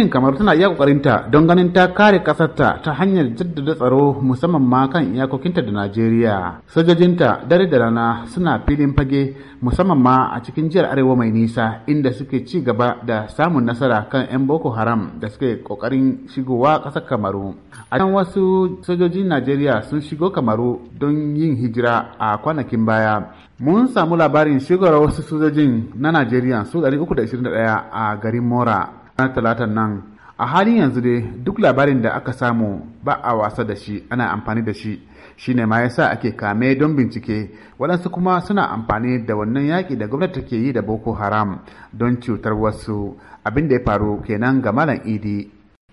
gwamnatin kamar tana iya kokarinta don ganin ta kare kasarta ta hanyar jaddada tsaro musamman ma kan iyakokinta da najeriya sojojinta dare da rana suna filin fage musamman ma a cikin jihar arewa mai nisa inda suke ci gaba da samun nasara kan 'yan boko haram da suke kokarin shigowa kasar kamaru a can wasu sojojin najeriya sun shigo kamaru don yin hijira a kwanakin baya mun samu labarin shigar wasu sojojin na najeriya su 321 a garin mora ranar talatan nan a halin yanzu dai duk labarin da aka samu ba a wasa da shi ana amfani da shi shine ma yasa ake kame don bincike waɗansu kuma suna amfani da wannan yaƙi da gwamnati take yi da boko haram don cutar wasu abin da ya faru kenan ga malam idi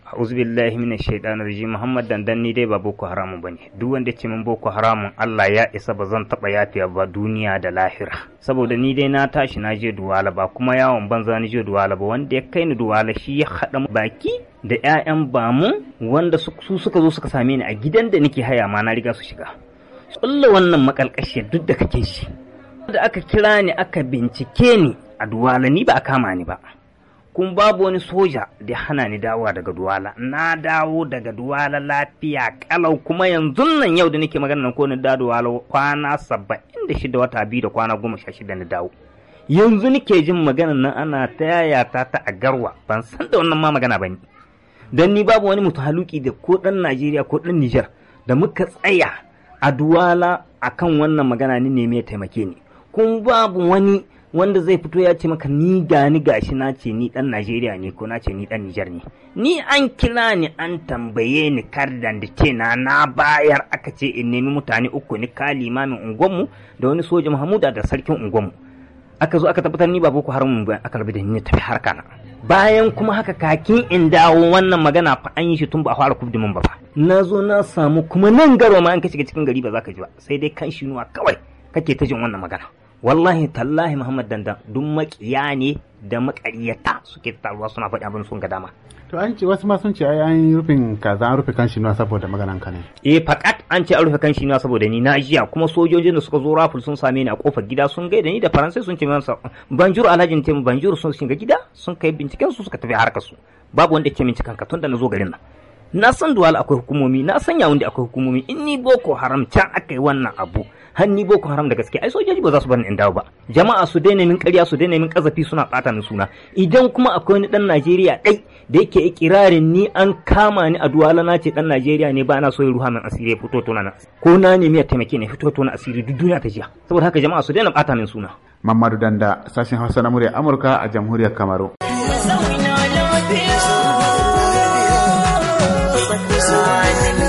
a'udhu billahi minash shaitanir rajim Muhammad dandan ni dai ba boko haramun bane duk wanda ce min boko haramun Allah ya isa ba zan taba yafiya ba duniya da lahira saboda ni dai na tashi na je duwala ba kuma yawon banza ni je duwala ba wanda ya kai ni duwala shi ya haɗa baki da 'ya'yan bamu wanda su suka zo suka same ni a gidan da nake haya ma na riga su shiga tsulla wannan makalkashiyar duk da kake shi da aka kira ni aka bincike ni a duwala ni ba a kama ni ba kun babu wani soja da hana ni dawowa daga duwala na dawo daga duwala lafiya kalau kuma yanzu nan yau da nake magana nan ko ni da duwala kwana saba'in da shida wata biyu da kwana goma sha shida na dawo yanzu nake jin magana nan ana ta yaya ta ta a garwa ban san da wannan ma magana bane dan ni babu wani mutahaluki da ko dan Najeriya ko dan Niger da muka tsaya a duwala akan wannan magana ni ne mai taimake ni kun babu wani wanda zai fito ya ce maka ni gani gashi na ce ni dan Najeriya ne ko na ce ni dan Nijar ne ni an kira ni an tambaye ni kardan da ce na na bayar aka ce in nemi mutane uku ni ka limamin unguwanmu da wani soja Muhammadu da sarkin unguwanmu aka zo aka tabbatar ni ba har haram ba aka rabu da ni tafi harka na bayan kuma haka kakin in dawo wannan magana fa an yi shi tun ba a fara kubdi mun ba fa na zo na samu kuma nan garo ma an ka shiga cikin gari ba za ka ji ba sai dai kan nuwa kawai kake ta wannan magana wallahi tallahi muhammad dandan duk makiya ne da makaryata suke taruwa suna faɗi abin sun ga dama to an ce wasu ma sun ce ai an rufin kaza an rufe kan shinuwa saboda maganan ka ne eh fakat an ce an rufe kan shinuwa saboda ni na jiya kuma sojojin da suka zo raful sun same ni a kofar gida sun gaida ni da faransai sun ce min banjur alhajin taimu banjur sun shiga gida sun kai binciken su suka tafi harkar su babu wanda ke binciken ka tun da na zo garin nan na san duwal akwai hukumomi na san yawun da akwai hukumomi in ni boko haram can aka yi wannan abu har boko haram da gaske ai sojoji ba za su bar ni in dawo ba jama'a su daina min ƙarya su daina min kazafi suna ɓata min suna idan kuma akwai wani dan Najeriya dai da yake ikirarin ni an kama ni a duwala na ce dan Najeriya ne ba na so ruha min asiri fito tona na ko na nemi ya taimake ne fito tona asiri duk duniya ta jiya saboda haka jama'a su daina ɓata min suna Mamadu Danda sashen Hausa na murya Amurka a jamhuriyar Kamaru. reason why I